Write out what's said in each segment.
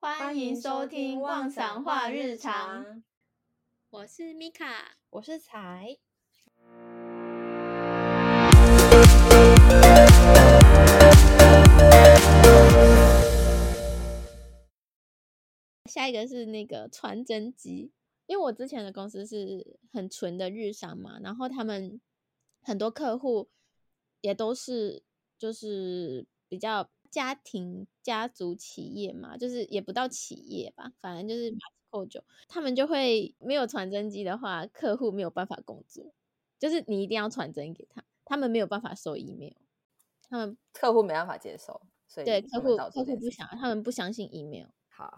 歡迎收聽《汪桑話日常》，我是米卡，我是 Tsai。下一個是那個傳真機，因為我之前的公司是很純的日商嘛，然後他們很多客戶也都是就是比較。家庭家族企業嘛，就是也不到企業吧，反正就是蠻久。他們就會沒有傳真機的話，客戶沒有辦法工作，就是你一定要傳真給他，他們沒有辦法收 email，他們客戶沒辦法接受，所以對客戶客戶不想，他們不相信 email。好，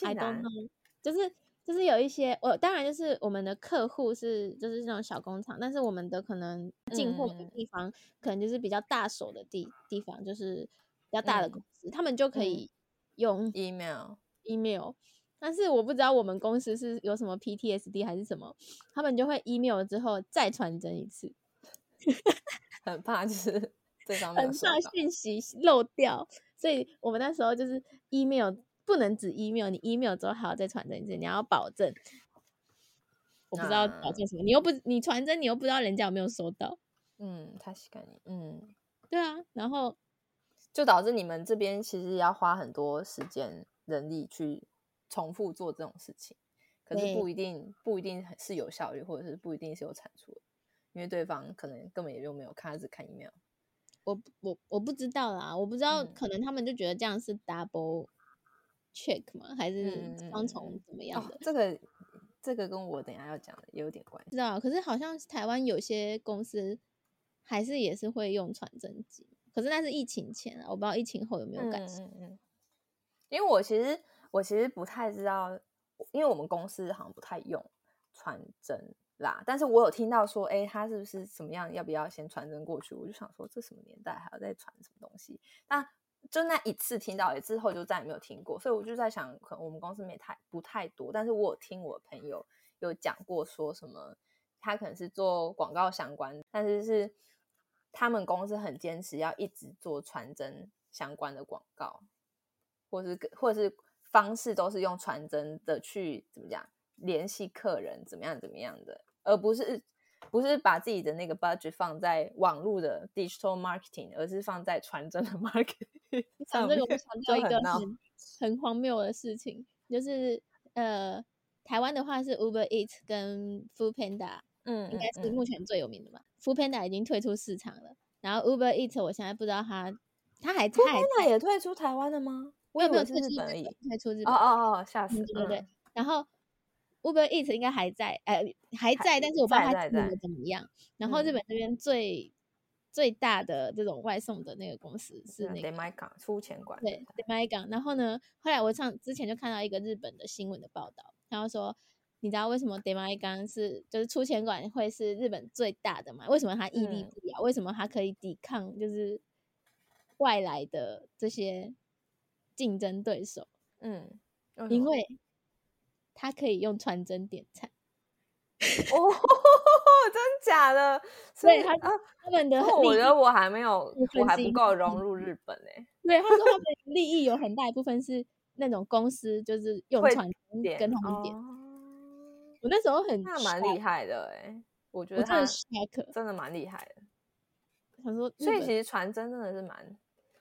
還東東就是就是有一些，我當然就是我們的客戶是就是這種小工廠，但是我們的可能進貨的地方、嗯、可能就是比較大手的地地方，就是。比較大的公司，嗯，他們就可以用 email，嗯，email，但是我不知道我們公司是有什麼 PTSD 還是什麼，他們就會 email 之後再傳真一次，很怕就是這上面很怕訊息漏掉，所以我們那時候就是 email 不能只 email，你 email 之後還要再傳真一次，你要保證，我不知道保證什麼，啊，你又不你傳真你又不知道人家有沒有收到，嗯，他是乾淨，嗯，對啊，然後。就導致你們這邊其實要花很多時間、人力去重複做這種事情，可是不一定不一定很是有效率，或者是不一定是有產出，因為對方可能根本也就沒有看，只看 email。我我我不知道啦，我不知道，可能他們就覺得這樣是 double check 嗎、嗯，還是雙重怎麼樣的？哦、這個這個跟我等一下要講的也有點關係。知道，可是好像是台灣有些公司還是也是會用傳真機。可是那是疫情前啊，我不知道疫情後有沒有感、嗯。嗯因為我其實我其實不太知道，因為我們公司好像不太用傳真啦。但是我有聽到說，哎、欸，他是不是什麼樣？要不要先傳真過去？我就想說，這什麼年代還要再傳什麼東西？那就那一次聽到、欸，之後就再也沒有聽過。所以我就在想，可能我們公司沒太不太多。但是我有聽我朋友有講過，說什麼他可能是做廣告相關的，但是是。他們公司很堅持要一直做傳真相關的廣告，或是或者是方式都是用傳真的去怎麼講聯繫客人，怎麼樣怎麼樣的，而不是不是把自己的那個 budget 放在網絡的 digital marketing，而是放在傳真的 marketing。從這個我想到一個很很，很荒謬的事情，就是呃，台灣的話是 Uber Eat 跟 Food Panda，嗯，應該是目前最有名的嘛。嗯嗯。Foodpanda 已經退出市場了，然後 Uber Eats 我現在不知道他，他還在 Foodpanda 也退出台灣了嗎？有我有沒有退出日本？退出日本？哦哦哦，嚇死！嗯、對不對對、嗯。然後 Uber Eats 應該還在，哎、呃、還在還，但是我不知道它怎麼怎麼樣。然後日本這邊最、嗯、最大的這種外送的那個公司是那個、嗯、出前館，對，出前館。然後呢，後來我上之前就看到一個日本的新聞的報道，他說。你知道為什麼出前館是就是出前館會是日本最大的嗎？為什麼它屹立不搖、嗯？為什麼它可以抵抗就是外來的這些競爭對手？嗯，因為它可以用傳真點菜。哦，真的假的？ 所以他他們的、哦，我覺得我還沒有，我還不夠融入日本呢、欸嗯。對，他說他們利益有很大一部分是那種公司，就是用傳真跟點、跟紅一點。哦我那時候很那蠻厲害的哎、欸，我覺得他真的蠻厲害的。他說，所以其實傳真真的是蠻……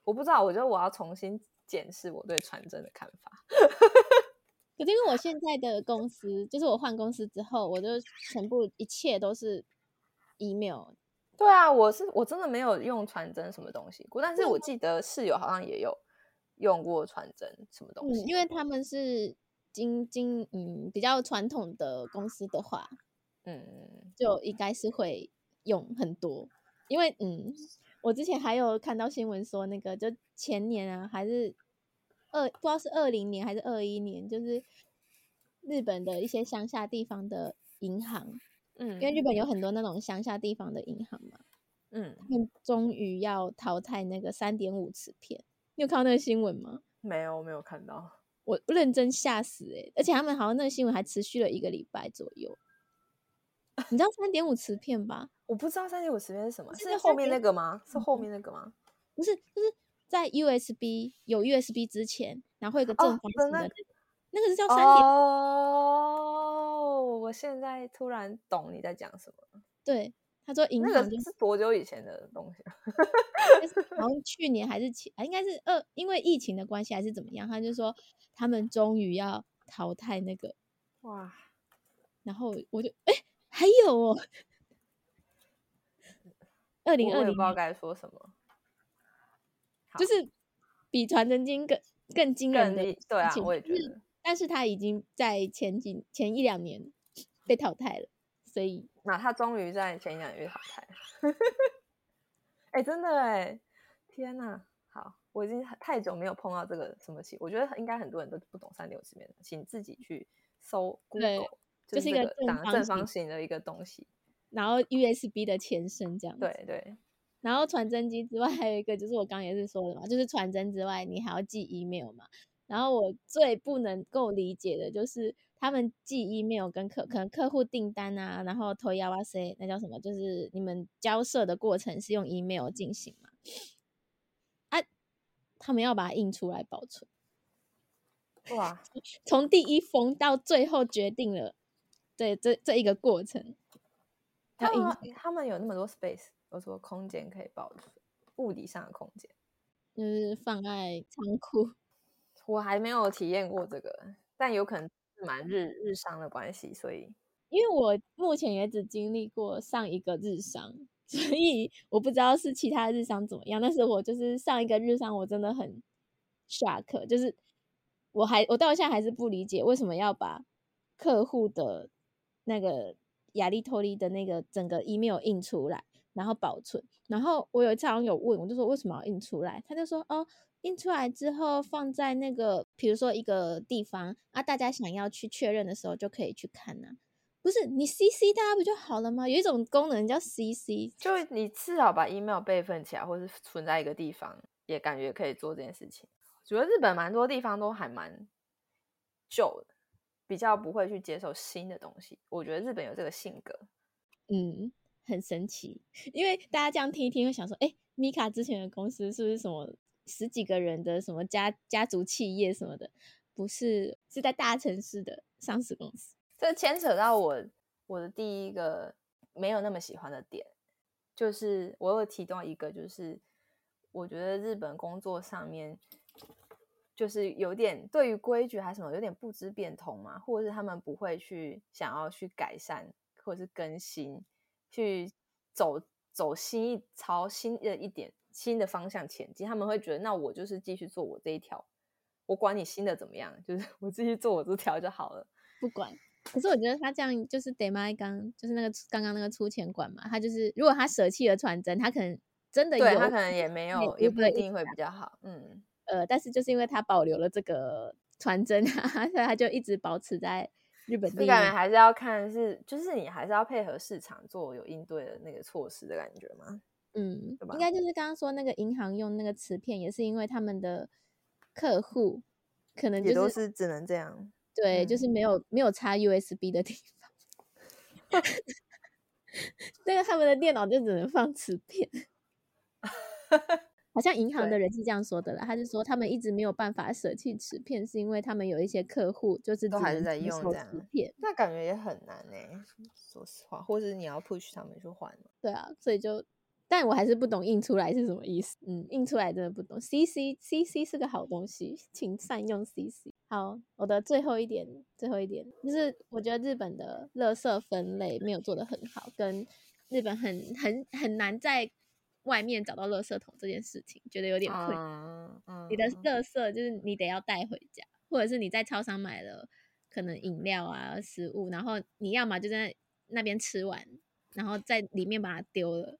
我不知道，我覺得我要重新檢視我對傳真的看法。 可是因為我現在的公司，就是我換公司之後，我就全部一切都是 email。對啊，我是我真的沒有用傳真什麼東西過，但是我記得室友好像也有用過傳真什麼東西、嗯，因為他們是。經經嗯，比較傳統的公司的話，嗯，就應該是會用很多，因為嗯，我之前還有看到新聞說，那個就前年啊，還是二不知道是二零年還是二一年，就是日本的一些鄉下地方的銀行，嗯，因為日本有很多那種鄉下地方的銀行嘛，嗯，他們終於要淘汰那個三點五磁片，你有看到那個新聞嗎？沒有，我沒有看到。我認真嚇死哎、欸！而且他們好像那個新聞還持續了一個禮拜左右。你知道三點五磁片吧？我不知道三點五磁片是什麼，是後面那個嗎、嗯？是後面那個嗎？不是，就是在 USB 有 USB 之前，然後有一個正方形的、哦那個，那個是叫三點五。哦，我現在突然懂你在講什麼。對。他說：“銀、那、紙、個、是多久以前的東西、啊？ 好像去年還是前，應該是二、呃，因為疫情的關係還是怎麼樣？他就說他們終於要淘汰那個哇，然後我就哎，還有二零二零，2020，我也不知道該說什麼，就是比傳真機更更驚人的，對啊，我也覺得，但是他已經在前幾前一兩年被淘汰了。”所以，那他終於在前一兩個月淘汰了。哎、 欸，真的哎、欸，天哪！好，我已經太久沒有碰到這個什麼戲，我覺得應該很多人都不懂三點五寸面，請自己去搜 Google，對、就是這個、就是一個打正，正方形的一個東西，然後 USB 的前身這樣子。對對。然後傳真機之外還有一個，就是我剛，剛也是說了嘛，就是傳真之外，你還要寄 email 嘛。然後我最不能夠理解的就是。他們寄 email 跟客可能客戶訂單啊，然後投呀哇 c 那叫什麼？就是你們交涉的過程是用 email 進行嘛？啊，他們要把它印出來保存。哇， 從第一封到最後決定了，對，這這一個過程他要印。他們有那麼多 space，我說空間可以保存？物理上的空間，就是放在倉庫。我還沒有體驗過這個， 但有可能。是蠻日日商的關係，所以因為我目前也只經歷過上一個日商，所以我不知道是其他日商怎麼樣。但是我就是上一個日商，我真的很 shock，就是我還我到現在還是不理解為什麼要把客戶的那個亞麗托麗的那個整個 email 印出來，然後保存。然後我有一次好像有問，我就說為什麼要印出來？他就說哦，印出來之後放在那個。比如說一個地方啊，大家想要去確認的時候，就可以去看吶、啊。不是你 CC 大家不就好了嗎？有一種功能叫 CC，就你至少把 email 備份起來，或是存在一個地方，也感覺可以做這件事情。我覺得日本蠻多地方都還蠻舊的，比較不會去接受新的東西。我覺得日本有這個性格，嗯，很神奇。因為大家這樣聽一聽，會想說，哎、欸，米卡之前的公司是不是什麼？十幾個人的什麼家家族企業什麼的，不是，是在大城市的上市公司。這牽扯到我我的第一個沒有那麼喜歡的點，就是我有提到一個，就是我覺得日本工作上面就是有點對於規矩還是什麼有點不知變通嘛，或者是他們不會去想要去改善或者是更新，去走走新潮新的一點。新的方向前進，他們會覺得，那我就是繼續做我這一條，我管你新的怎麼樣，就是我繼續做我這條就好了，不管。可是我覺得他這樣就是 Demai 剛就是那個剛剛那個出錢管嘛，他就是如果他捨棄了傳真，他可能真的有對他可能也沒有也不一定會比較好，嗯呃，但是就是因為他保留了這個傳真啊，所以他就一直保持在日本。你感覺還是要看是就是你還是要配合市場做有應對的那個措施的感覺嗎？嗯，應該就是剛剛說那個銀行用那個磁片，也是因為他們的客戶可能、就是、也都是只能這樣，對，嗯、就是沒有沒有插 USB 的地方。 那個他們的電腦就只能放磁片， 好像銀行的人是這樣說的了。他是說他們一直沒有辦法捨棄磁片，是因為他們有一些客戶就是都還是在用這樣磁片，那感覺也很難呢、欸。說實話，或者你要 push 他們去換。對啊，所以就。但我還是不懂印出來是什麼意思。嗯，印出來真的不懂。CC，CC 是個好東西，請善用 CC。好，我的最後一點，最後一點就是，我覺得日本的垃圾分類沒有做得很好，跟日本很很很難在外面找到垃圾桶這件事情，覺得有點困。uh, uh, 你的垃圾就是你得要帶回家，或者是你在超商買了可能飲料啊食物，然後你要麼就在那邊吃完，然後在裡面把它丟了。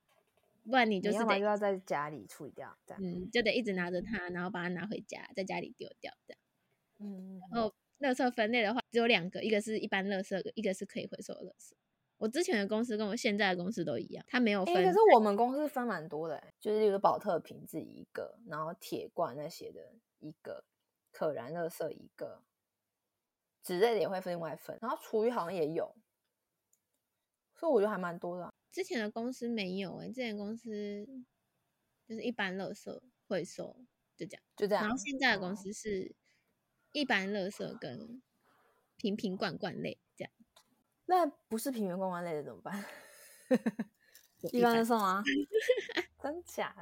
不然你就是得又要，要在家裡處理掉，這樣，嗯，就得一直拿着它，然後把它拿回家，在家裡丟掉這樣，嗯，嗯，然後垃圾分類的話只有兩個，一個是一般垃圾，一個是可以回收的垃圾。我之前的公司跟我現在的公司都一樣，它沒有分。欸、可是我們公司分蠻多的。欸，就是比如寶特瓶子一個，然後鐵罐那些的一個，可燃垃圾一個，紙類的也會分外分，然後廚餘好像也有，所以我覺得還蠻多的，啊。之前的公司沒有誒、欸，之前公司就是一般樂色回收就這樣，就這樣。然後現在的公司是一般樂色跟瓶瓶罐罐類這樣。那不是瓶瓶罐罐類的怎麼辦？一般送啊。 真假？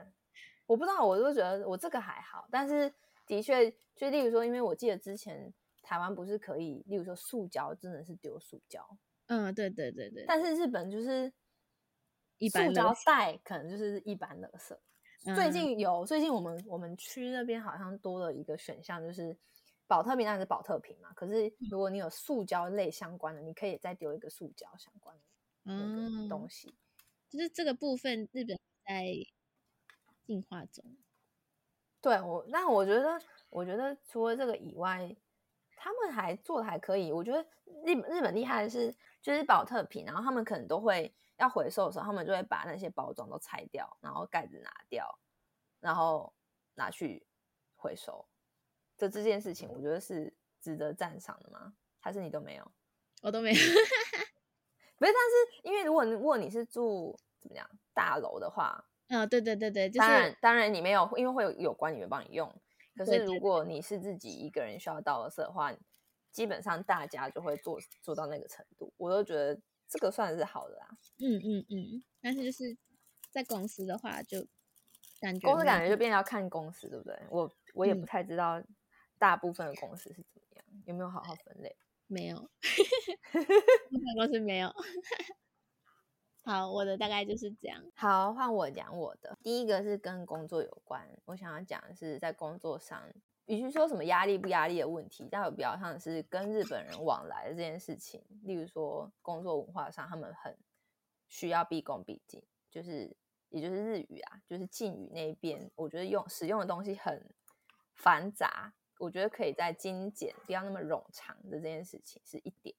我不知道，我就覺得我這個還好，但是的確，就例如說，因為我記得之前台灣不是可以，例如說塑膠真的是丟塑膠，嗯，對對對對。但是日本就是。一般塑膠袋可能就是一般垃圾。嗯、最近有，最近我們我們區那邊好像多了一個選項，就是保特瓶還是保特瓶嘛。可是如果你有塑膠類相關的，嗯、你可以再丟一個塑膠相關的東西，嗯。就是這個部分，日本在進化中。對我，那我覺得，我覺得除了這個以外，他們還做得還可以。我覺得日日本厲害的是，就是保特瓶，然後他們可能都會。他回收的時候，他們就會把那些包裝都拆掉，然後蓋子拿掉，然後拿去回收。就這件事情，我覺得是值得讚賞的嗎？還是你都沒有？我都沒有。 不是，但是因為如果你如果你是住怎麼講大樓的話，嗯、哦，對對對對，就是、當然當然你沒有，因為會有管理員幫你用。可是如果你是自己一個人需要倒色的話，基本上大家就會做做到那個程度。我都覺得。這個算是好的啦，嗯嗯嗯，但是就是在公司的話，就感覺公司感覺就變要看公司，對不對？我我也不太知道大部分的公司是怎麼樣、嗯，有沒有好好分類？沒有，公 司 沒有。 好，我的大概就是這樣。好，換我講我的。第一個是跟工作有關，我想要講的是在工作上。與其說什麼壓力不壓力的問題，但我比較像是跟日本人往來的這件事情，例如說工作文化上，他們很需要畢恭畢敬，就是也就是日語啊，就是敬語那一邊，我覺得用使用的東西很繁雜，我覺得可以在精簡，不要那麼冗長的這件事情是一點。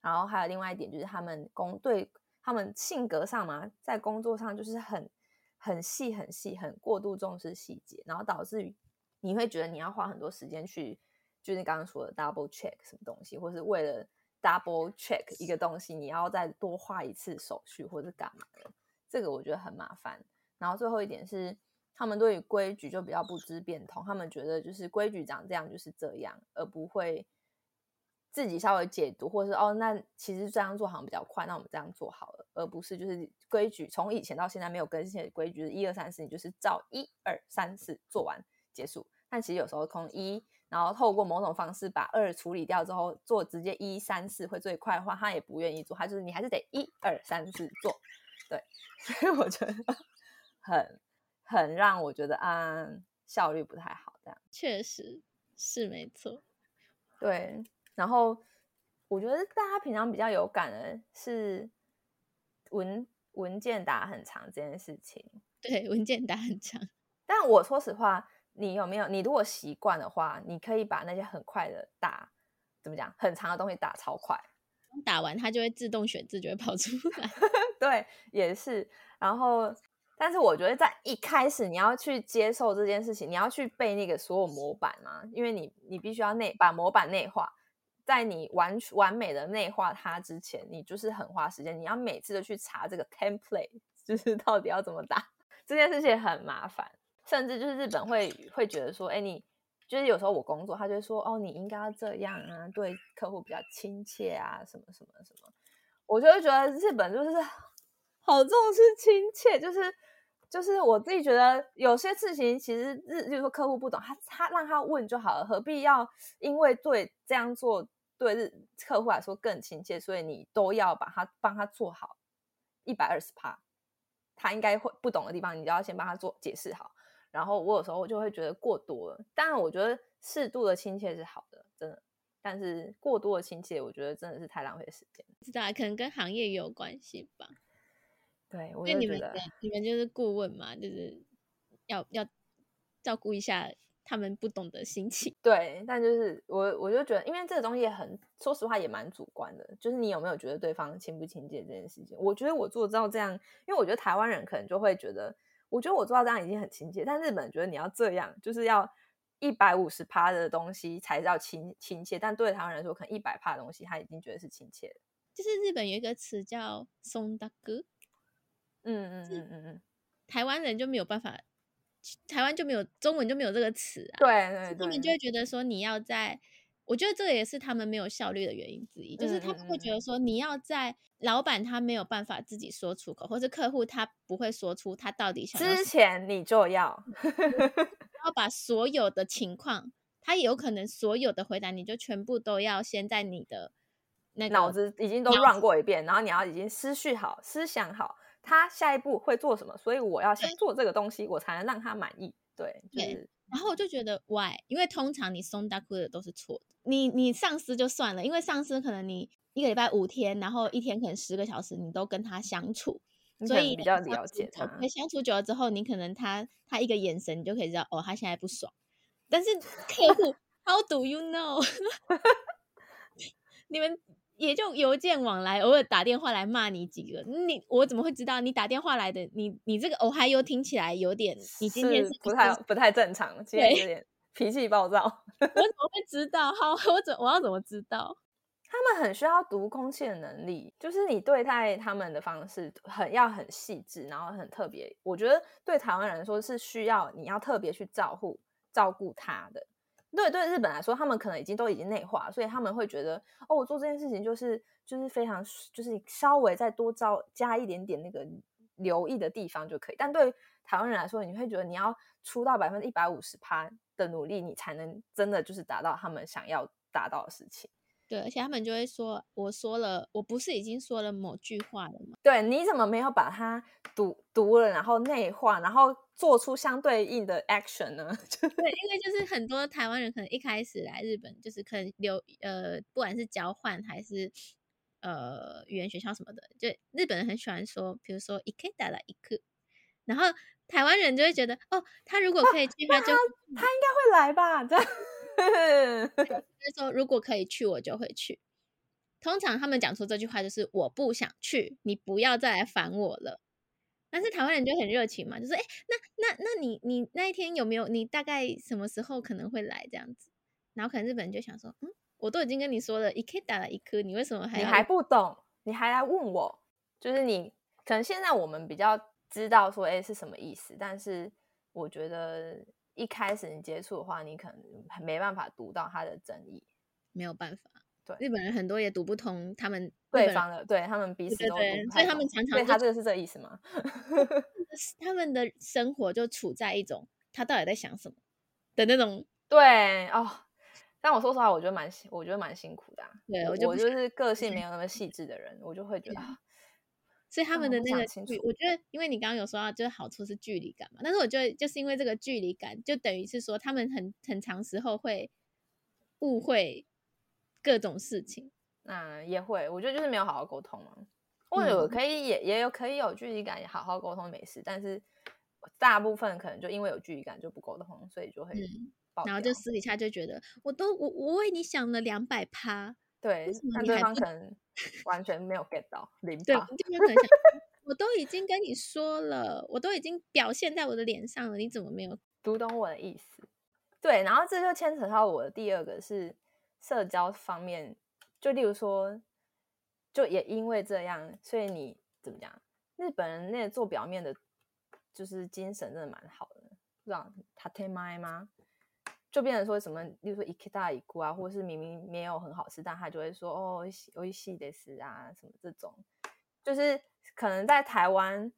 然後還有另外一點就是他們工對他們性格上嘛，在工作上就是很很細很細，很過度重視細節，然後導致於。你會覺得你要花很多時間去，就是剛剛說的 double check 什麼東西，或是為了 double check 一個東西，你要再多花一次手續，或是幹嘛的？這個我覺得很麻煩。然後最後一點是，他們對於規矩就比較不知變通，他們覺得就是規矩長這樣就是這樣，而不會自己稍微解讀，或是哦，那其實這樣做好像比較快，那我們這樣做好了，而不是就是規矩，從以前到現在沒有更新的規矩，就是一二三四，你就是照一二三四做完結束。但其實有時候空一，然後透過某種方式把二處理掉之後，做直接一三四會最快的話，他也不願意做，他就是你還是得一二三四做，對，所以我覺得很很讓我覺得啊、嗯、效率不太好這樣，確實是沒錯，對。然後我覺得大家平常比較有感的是文文件打很長這件事情，對，文件打很長，但我說實話。你有沒有？你如果習慣的話，你可以把那些很快的打，怎麼講？很長的東西打超快，打完它就會自動選字，就會跑出來。 對，也是。然後，但是我覺得在一開始，你要去接受這件事情，你要去背那個所有模板嘛、啊，因為你你必須要內把模板內化。在你完完美的內化它之前，你就是很花時間，你要每次都去查這個 template，就是到底要怎麼打，這件事情很麻煩。甚至就是日本會會覺得說，哎、欸，你就是有時候我工作，他就說，哦，你應該要這樣啊，對客戶比較親切啊，什麼什麼什麼，我就會覺得日本就是好重視親切，就是就是我自己覺得有些事情其實日就是說客戶不懂，他他讓他問就好了，何必要因為對這樣做對日客戶來說更親切，所以你都要把他幫他做好一百二十趴，他應該會不懂的地方，你就要先幫他做解釋好。然後我有時候我就會覺得過多了，當然我覺得適度的親切是好的，真的。但是過多的親切，我覺得真的是太浪費時間。知道啊，可能跟行業也有關係吧。對，我覺得因為你們你們就是顧問嘛，就是要要照顧一下他們不懂的心情。對，但就是我我就覺得，因為這個東西也很，說實話也蠻主觀的，就是你有沒有覺得對方親不親切這件事情？我覺得我做到這樣，因為我覺得台灣人可能就會覺得。我覺得我做到這樣已經很親切，但日本人覺得你要這樣，就是要一百五十趴的東西才叫親親切。但對他們來說，可能一百趴的東西他已經覺得是親切。就是日本有一個詞叫“忖度”，嗯嗯嗯嗯嗯，就是、台灣人就沒有辦法，台灣就沒有中文就沒有這個詞啊。對對，對，他們就會覺得說你要在。我覺得這也是他們沒有效率的原因之一，就是他們會覺得說，你要在老闆他沒有辦法自己說出口，嗯、或者客戶他不會說出他到底想要什麼。之前你就要， 要把所有的情況，他也有可能所有的回答你就全部都要先在你的那腦子，腦子已經都亂過一遍，然後你要已經思緒好、思想好，他下一步會做什麼，所以我要先做這個東西，我才能讓他滿意。對對、okay. 就是，然後我就覺得 why，因為通常你忖度的都是錯的。你你上司就算了，因為上司可能你一個禮拜五天，然後一天可能十個小時，你都跟他相處，所以比較了解他。相處久了之後，你可能他他一個眼神你就可以知道哦，他現在不爽。但是客戶 ，How do you know？ 你們。也就郵件往來，偶爾打電話來罵你幾個。你我怎麼會知道你打電話來的？你你這個 oh 還有聽起來有點，你今天不太不太正常，今天有點脾氣暴躁。 我怎麼會知道？好，我怎我要怎麼知道？他們很需要讀空氣的能力，就是你對待他們的方式很要很細緻，然後很特別。我覺得對台灣人來說是需要你要特別去照顧照顧他的。對對，日本來說，他們可能已經都已經內化，所以他們會覺得，哦，我做這件事情就是就是非常就是稍微再多招加一點點那個留意的地方就可以。但對台灣人來說，你會覺得你要出到百分之一百五十趴的努力，你才能真的就是達到他們想要達到的事情。對，而且他們就會說，我說了，我不是已經說了某句話了嗎？對，你怎麼沒有把它讀讀了，然後內化，然後做出相對應的 action 呢？ 對，因為就是很多台灣人可能一開始來日本，就是可能留呃，不管是交換還是呃語言學校什麼的，就日本人很喜歡說，比如說行けたら行く，然後台灣人就會覺得，哦，他如果可以去，就……啊那他，他應該會來吧？這樣。所 以說，如果可以去，我就會去。通常他們講出這句話就是“我不想去”，你不要再來煩我了。但是台灣人就很熱情嘛，就說：“哎、欸，那那那你你那一天有沒有？你大概什麼時候可能會來這樣子？然後可能日本人就想說：嗯，我都已經跟你說了，行けたら行く，你為什麼還你還不懂？你還來問我？就是你可能現在我們比較知道說，哎、欸，是什麼意思？但是我覺得。”一開始你接觸的話，你可能很沒辦法讀到他的真意，沒有辦法。對，日本人很多也讀不通他們對方的，對，對他們彼此都。對，對，對，所以他們常常。他這個是這個意思嗎？他們的生活就處在一種他到底在想什麼的那種。 對哦，但我說實話我，我覺得蠻，我覺得蠻辛苦的、啊。對，我就我就是個性沒有那麼細緻的人，我就會覺得、啊。嗯所以他們的那個，嗯、我覺得，因為你剛剛有說到，就是好處是距離感嘛。但是我覺得，就是因為這個距離感，就等於是說他們很很長時候會誤會各種事情。嗯，也會，我覺得就是沒有好好溝通嘛、啊。或者可以也、嗯、也有可以有距離感，好好溝通沒事。但是大部分可能就因為有距離感就不溝通，所以就會爆、嗯、然後就私底下就覺得，我都我我為你想了兩百趴。對，但對方可能完全沒有 get 到領導、 就是、 我都已經跟你說了，我都已經表現在我的臉上了，你怎麼沒有讀懂我的意思？對，然後這就牽扯到我的第二個是社交方面，就例如說，就也因為這樣，所以你怎麼講？日本人那個做表面的，就是精神真的蠻好的，知道建前嗎？就變成說什麼，例如說一克大一鍋啊，或者是明明沒有很好吃，但他就會說哦，美味しいです啊，什麼這種，就是可能在台灣，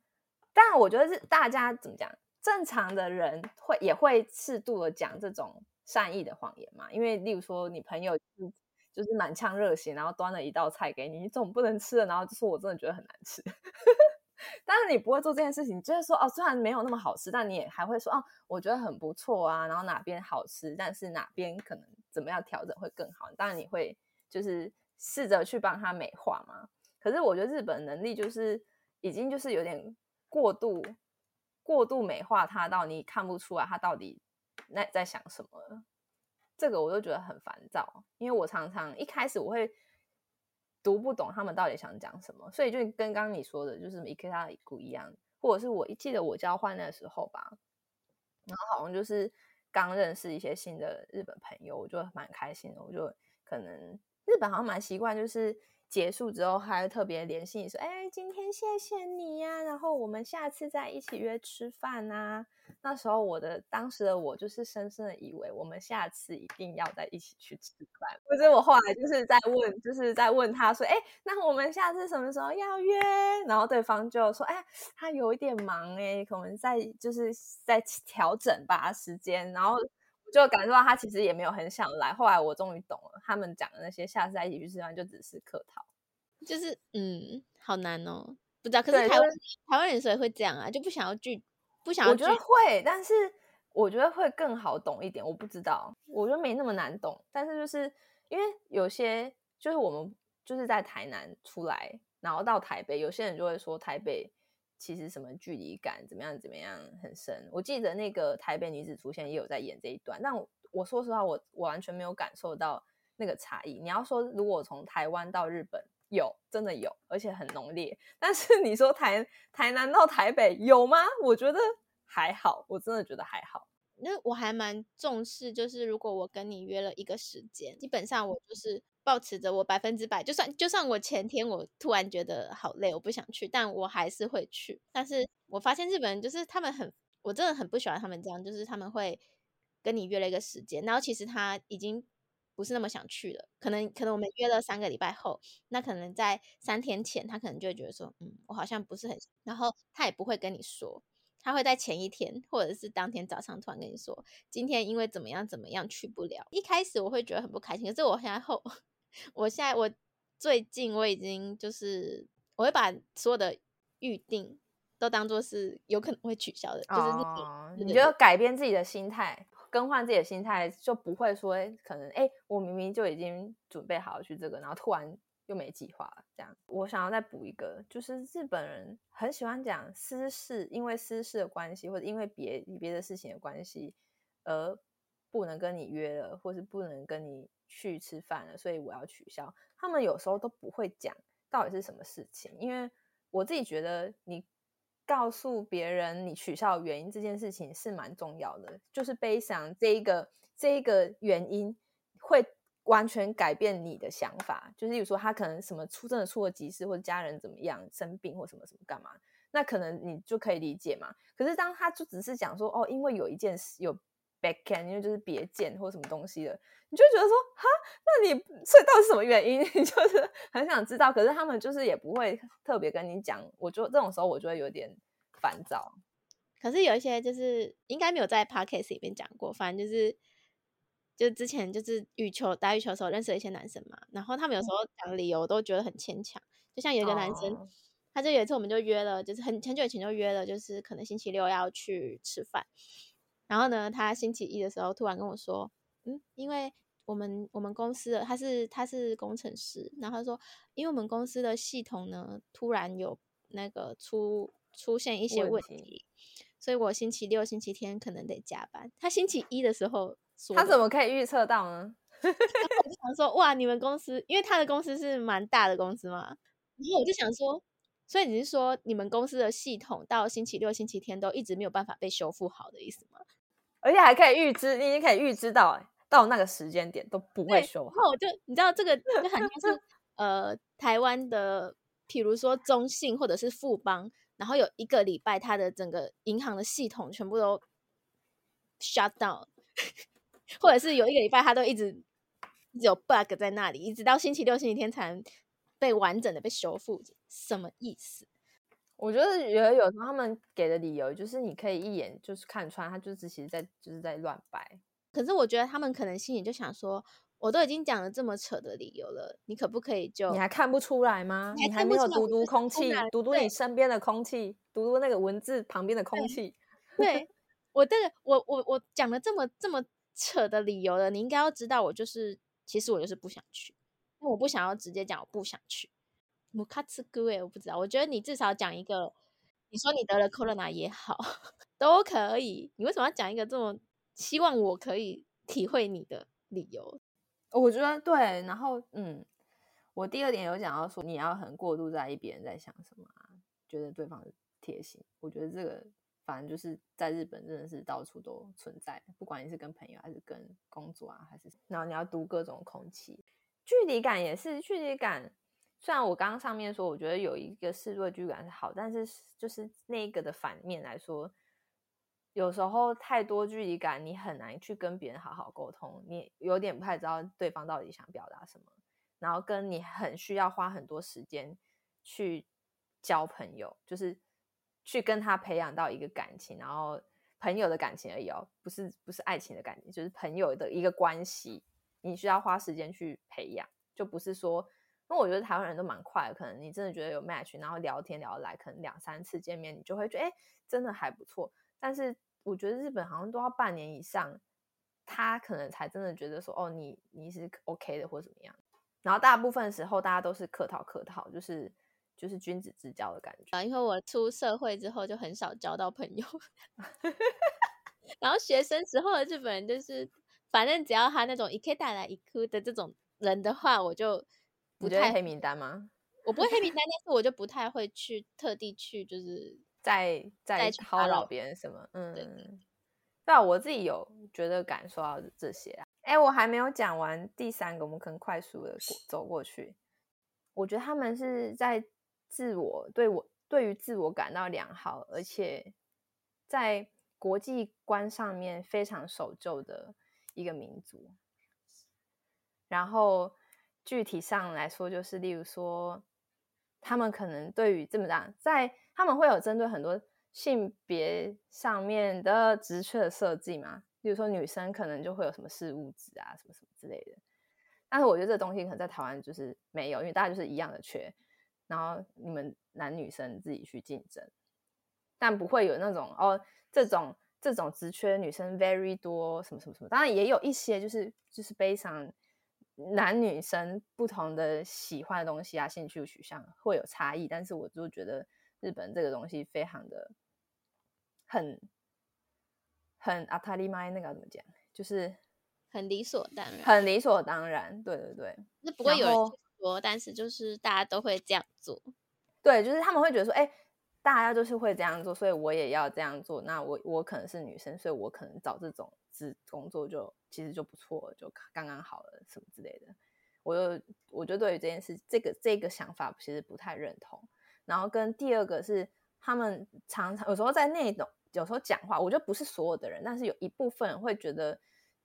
但我覺得是大家怎麼講，正常的人會也會適度的講這種善意的謊言嘛，因為例如說你朋友是就是滿腔熱血，然後端了一道菜給你，你總不能吃了，然後就說我真的覺得很難吃。 當然你不會做這件事情，你就是說哦，雖然沒有那麼好吃，但你也還會說哦，我覺得很不錯啊。然後哪邊好吃，但是哪邊可能怎麼樣調整會更好？當然你會就是試着去幫他美化嘛。可是我覺得日本能力就是已經就是有點過度過度美化他，到你看不出來他到底那在想什麼了，這個我都覺得很煩躁，因為我常常一開始我會。讀不懂他們到底想講什麼，所以就跟剛剛你說的，就是伊卡里古一樣，或者是我記得我交換的時候吧，然後好像就是剛認識一些新的日本朋友，我就蠻開心的，我就可能日本好像蠻習慣，就是結束之後還特別聯繫你說，哎，今天謝謝你呀、啊，然後我們下次再一起約吃飯啊。那時候我的當時的我就是深深的以為我們下次一定要在一起去吃飯。可是我後來就是在問，就是在問他說，哎、欸，那我們下次什麼時候要約？然後對方就說，哎、欸，他有一點忙哎、欸，可能在就是在調整吧時間。然後我就感受到他其實也沒有很想來。後來我終於懂了，他們講的那些下次在一起去吃飯就只是客套，就是嗯，好難哦，不知道。可是台灣、就是、台灣人所以會這樣啊，就不想要拒。我想我覺得會，但是我覺得會更好懂一點。我不知道，我覺得沒那麼難懂。但是就是因爲有些，就是我們就是在台南出來，然後到台北，有些人就會說台北其實什麼距離感怎麼樣怎麼樣很深。我記得那個台北女子圖鑑也有在演這一段，但我說實話，我我完全沒有感受到那個差異。你要說如果從台灣到日本。有，真的有，而且很濃烈。但是你說台台南到台北有嗎？我覺得還好，我真的覺得還好。那我還蠻重視，就是如果我跟你約了一個時間，基本上我就是抱持著我百分之百。就算就算我前天我突然覺得好累，我不想去，但我還是會去。但是我發現日本人就是他們很，我真的很不喜歡他們這樣，就是他們會跟你約了一個時間，然後其實他已經。不是那麼想去了，可能可能我們約了三個禮拜後，那可能在三天前，他可能就會覺得說，嗯，我好像不是很，然後他也不會跟你說，他會在前一天或者是當天早上突然跟你說，今天因為怎麼樣怎麼樣去不了。一開始我會覺得很不開心，可是我現在後，我現在我最近我已經就是我會把所有的預定都當做是有可能會取消的，哦，就是你你就改變自己的心態。更換自己的心態，就不會說，可能，誒，欸，我明明就已經準備好去這個，然後突然又沒計劃了。這樣，我想要再補一個。就是日本人很喜歡講私事，因為私事的關係，或者因為別別的事情的關係，而不能跟你約了，或是不能跟你去吃飯了，所以我要取消。他們有時候都不會講到底是什麼事情，因為我自己覺得你。告訴別人你取消原因這件事情是蠻重要的，就是背後這一個這一個原因會完全改變你的想法。就是比如說他可能什麼出真的出了急事，或者家人怎麼樣生病或者什麼什麼幹嘛，那可能你就可以理解嘛。可是當他就只是講說哦，因為有一件事有。a 見，因為就是別見或什麼東西的，你就覺得說哈，那你所以到底什麼原因？ 你就是很想知道，可是他們就是也不會特別跟你講。我就這種時候，我就會有點煩躁。可是有一些就是應該沒有在 podcast 裡面講過，反正就是就之前就是羽球打羽球的時候認識的一些男生嘛，然後他們有時候講理由都覺得很牽強。就像有一個男生，嗯，他就有一次我們就約了，就是很很久以前就約了，就是可能星期六要去吃飯。然後呢，他星期一的時候突然跟我說，嗯，因為我們我們公司的，他是他是工程師，然後他說，因為我們公司的系統呢，突然有那個出出現一些問題，問題，所以我星期六、星期天可能得加班。他星期一的時候說，他怎麼可以預測到呢？ 我就想說，哇，你們公司，因為他的公司是蠻大的公司嘛，然後我就想說，所以你是說你們公司的系統到星期六、星期天都一直沒有辦法被修復好的意思嗎？而且還可以預知，你已經可以預知到，哎，到那個時間點都不會修好。然後我就你知道這個，就很多是 呃台灣的，比如說中信或者是富邦，然後有一個禮拜他的整個銀行的系統全部都 shut down，或者是有一個禮拜他都一直， 一直有 bug 在那裡，一直到星期六、星期天才被完整的被修復，什麼意思？我覺得有有時候他們給的理由，就是你可以一眼就是看穿，他就是其實在就是在亂掰。可是我覺得他們可能心裡就想說，我都已經講了這麼扯的理由了，你可不可以就，你還看不出來嗎？你還沒有讀讀空氣，讀讀你身邊的空氣，讀讀那個文字旁邊的空氣。對，對，我這個，我我我講了這麼這麼扯的理由了，你應該要知道，我就是其實我就是不想去，因為我不想要直接講我不想去。卡我不知道，我覺得你至少講一個，你說你得了 corona 也好，都可以。你為什麼要講一個這麼希望我可以體會你的理由？我覺得對。然後，嗯，我第二點有講到說，你要很過度在意別人在想什麼、啊，覺得對方是貼心。我覺得這個反正就是在日本真的是到處都存在，不管你是跟朋友還是跟工作啊，還是然後你要讀各種空氣，距離感也是距離感。雖然我剛剛上面說，我覺得有一個適度的距離感是好，但是就是那個的反面來說，有時候太多距離感，你很難去跟別人好好溝通，你有點不太知道對方到底想表達什麼，然後跟你很需要花很多時間去交朋友，就是去跟他培養到一個感情，然後朋友的感情而已哦，不是不是愛情的感情，就是朋友的一個關係，你需要花時間去培養，就不是說。那我覺得台灣人都蠻快的，可能你真的覺得有 match，然後聊天聊得來，可能兩三次見面你就會覺得哎、欸，真的還不錯。但是我覺得日本好像都要半年以上，他可能才真的覺得說哦，你你是 OK 的或怎麼樣。然後大部分時候大家都是客套客套，就是就是君子之交的感覺啊。因為我出社會之後就很少交到朋友， 然後學生時候的日本人就是反正只要他那種一 K 帶來一哭的這種人的話，我就。不太覺得黑名單嗎？我不會黑名單， 但是我就不太會去特地去，就是 在在騷擾別人什麼？嗯，對啊，我自己有覺得感受到這些啊。哎、欸，我還沒有講完第三個，我們可能快速的走過去。我覺得他們是在自我對我對於自我感到良好，而且在國際觀上面非常守舊的一個民族，然後具體上來說，就是例如說，他們可能對於是是這麼大，在他們會有針對很多性別上面的職缺的設計嘛？例如說，女生可能就會有什麼事務職啊，什麼什麼之類的。但是我覺得這東西可能在台灣就是沒有，因為大家就是一樣的缺，然後你們男女生自己去競爭，但不會有那種哦，這種這種職缺女生 very 多什麼什麼什麼。當然也有一些就是就是非常。男女生不同的喜歡的東西啊，興趣取向會有差異，但是我就覺得日本這個東西非常的很很當たり前，那個怎麼講，就是很理所當然，很理所當然。對對對，那不過有人說，但是就是大家都會這樣做。對，就是他們會覺得說，哎，大家就是會這樣做，所以我也要這樣做。那我我可能是女生，所以我可能找這種。工作就其實就不錯了，就剛剛好了什麼之類的。我就我就對於這件事，這個這個想法其實不太認同。然後跟第二個是，他們常常有時候在那種有時候講話，我覺得不是所有的人，但是有一部分會覺得，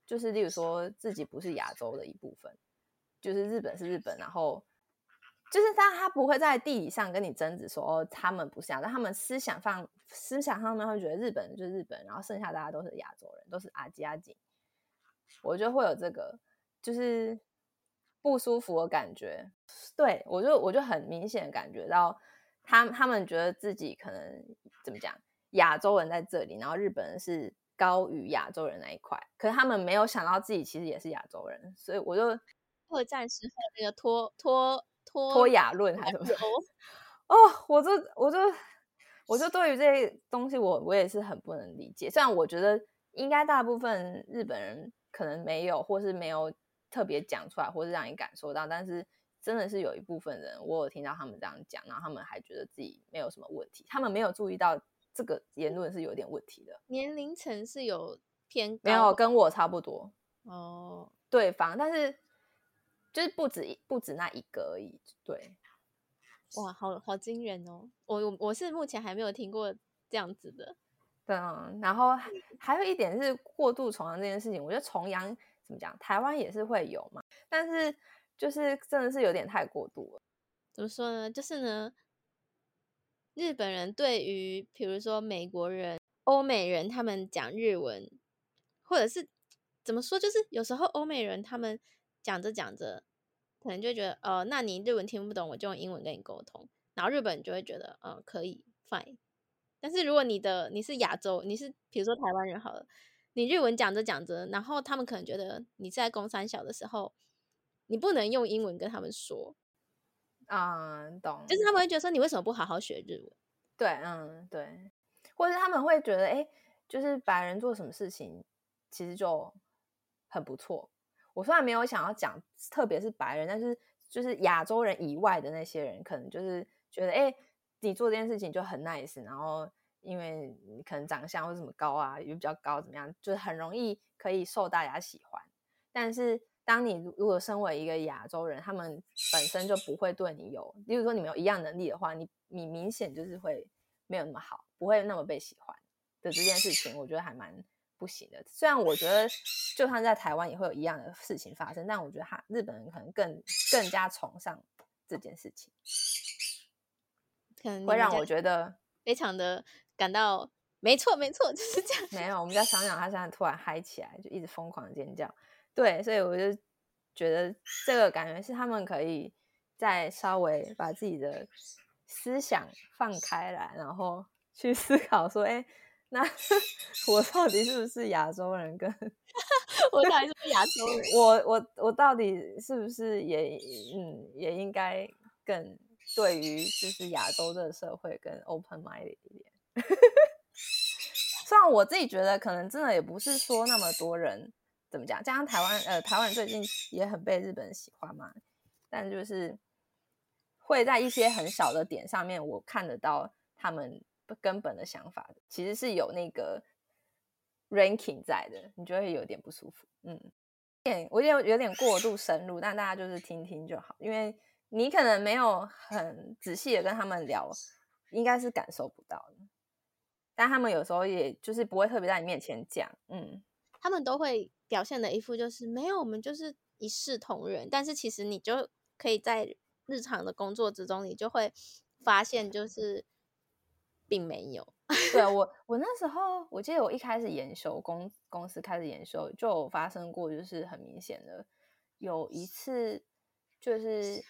就是例如說自己不是亞洲的一部分，就是日本是日本，然後。就是他，他不會在地理上跟你爭執說，哦、他們不像，但他們思想上、思想上面會覺得日本就是日本，然後剩下的大家都是亞洲人，都是阿吉阿吉，我就會有這個就是不舒服的感覺。對，我就我就很明顯感覺到，他他們覺得自己可能怎麼講，亞洲人在這裡，然後日本人是高於亞洲人那一塊，可是他們沒有想到自己其實也是亞洲人，所以我就二戰時候那個拖拖。拖脫亞論還是什麼？哦、oh,，我這，我這，我這對於這些東西我，我我也是很不能理解。雖然我覺得應該大部分日本人可能沒有，或是沒有特別講出來，或是讓你感受到，但是真的是有一部分人，我有聽到他們這樣講，然後他們還覺得自己沒有什麼問題，他們沒有注意到這個言論是有點問題的。年齡層是有偏高，沒有跟我差不多哦，對方，但是。就是不止一不止那一個而已，對，哇，好好驚人哦！我我我是目前還沒有聽過這樣子的，嗯，然後還有一點是過度崇洋這件事情，我覺得崇洋怎麼講，台灣也是會有嘛，但是就是真的是有點太過度了，怎麼說呢？就是呢，日本人對於比如說美國人、歐美人他們講日文，或者是怎麼說，就是有時候歐美人他們。講着講着，可能就會覺得，呃，那你日文聽不懂，我就用英文跟你溝通。然後日本就會覺得，呃，可以，fine。但是如果你的，你是亞洲，你是比如說台灣人好了，你日文講着講着，然後他們可能覺得你在工三小的時候，你不能用英文跟他們說，啊、嗯，懂？就是他們會覺得說，你為什麼不好好學日文？對，嗯，對。或者他們會覺得，哎、欸，就是白人做什麼事情，其實就很不錯。我雖然沒有想要講，特別是白人，但是就是亞洲人以外的那些人，可能就是覺得，哎、欸，你做這件事情就很 nice，然後因為你可能長相或者什麼高啊，又比較高，怎麼樣，就是很容易可以受大家喜歡。但是當你如果身為一個亞洲人，他們本身就不會對你有，比如說你沒有一樣能力的話，你你明顯就是會沒有那麼好，不會那麼被喜歡的這件事情，我覺得還蠻。不行的。雖然我覺得，就算在台灣也會有一樣的事情發生，但我覺得他日本人可能更更加崇尚這件事情，可能會讓我覺得非常的感到。沒錯，沒錯，就是這樣。沒有，我們再想想，他現在突然嗨起來，就一直瘋狂尖叫。對，所以我就覺得這個感覺是他們可以再稍微把自己的思想放開來，然後去思考說，哎、欸。那我到底是不是亞洲人跟？跟 我到底是不是亞洲我我我到底是不是也嗯，也應該更對於就是亞洲的社會更 open minded 一點？ 雖然我自己覺得可能真的也不是說那麼多人怎麼講，加上台灣呃台灣最近也很被日本人喜歡嘛，但就是會在一些很小的點上面我看得到他們。根本的想法其實是有那個 ranking 在的，你就會有點不舒服。嗯，點我也有，有點過度深入，但大家就是聽聽就好，因為你可能沒有很仔細的跟他們聊，應該是感受不到的。但他們有時候也就是不會特別在你面前講，嗯，他們都會表現的一副就是沒有，我們就是一視同仁。但是其實你就可以在日常的工作之中，你就會發現就是。並沒有 對，對我我那時候我記得我一開始研修公公司開始研修就有發生過，就是很明顯的有一次，就是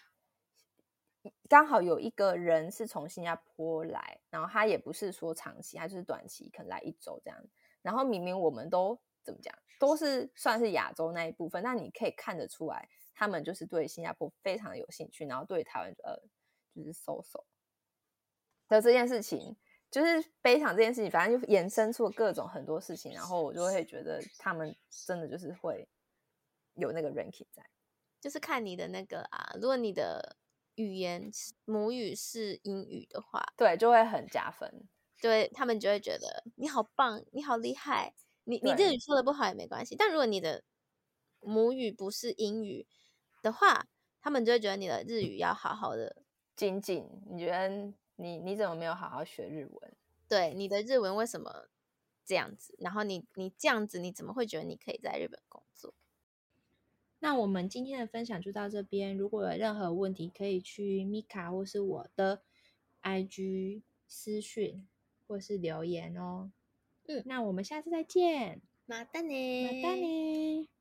剛好有一個人是從新加坡來，然後他也不是說長期，他就是短期，可能來一周這樣。然後明明我們都怎麼講，都是算是亞洲那一部分，那你可以看得出來，他們就是對新加坡非常有興趣，然後對台灣呃就是搜索，的這件事情。就是悲慘這件事情，反正就延伸出了各種很多事情，然後我就會覺得他們真的就是會有那個 ranking 在，就是看你的那個啊。如果你的語言母語是英語的話，對，就會很加分。對，他們就會覺得你好棒，你好厲害。你你日語說的不好也沒關係，但如果你的母語不是英語的話，他們就會覺得你的日語要好好的精進，你覺得？你你怎麼沒有好好學日文？對，你的日文為什麼這樣子？然後你你這樣子，你怎麼會覺得你可以在日本工作？那我們今天的分享就到這邊。如果有任何問題，可以去 Mika 或是我的 IG 私訊或是留言哦。嗯，那我們下次再見。馬丹尼，馬丹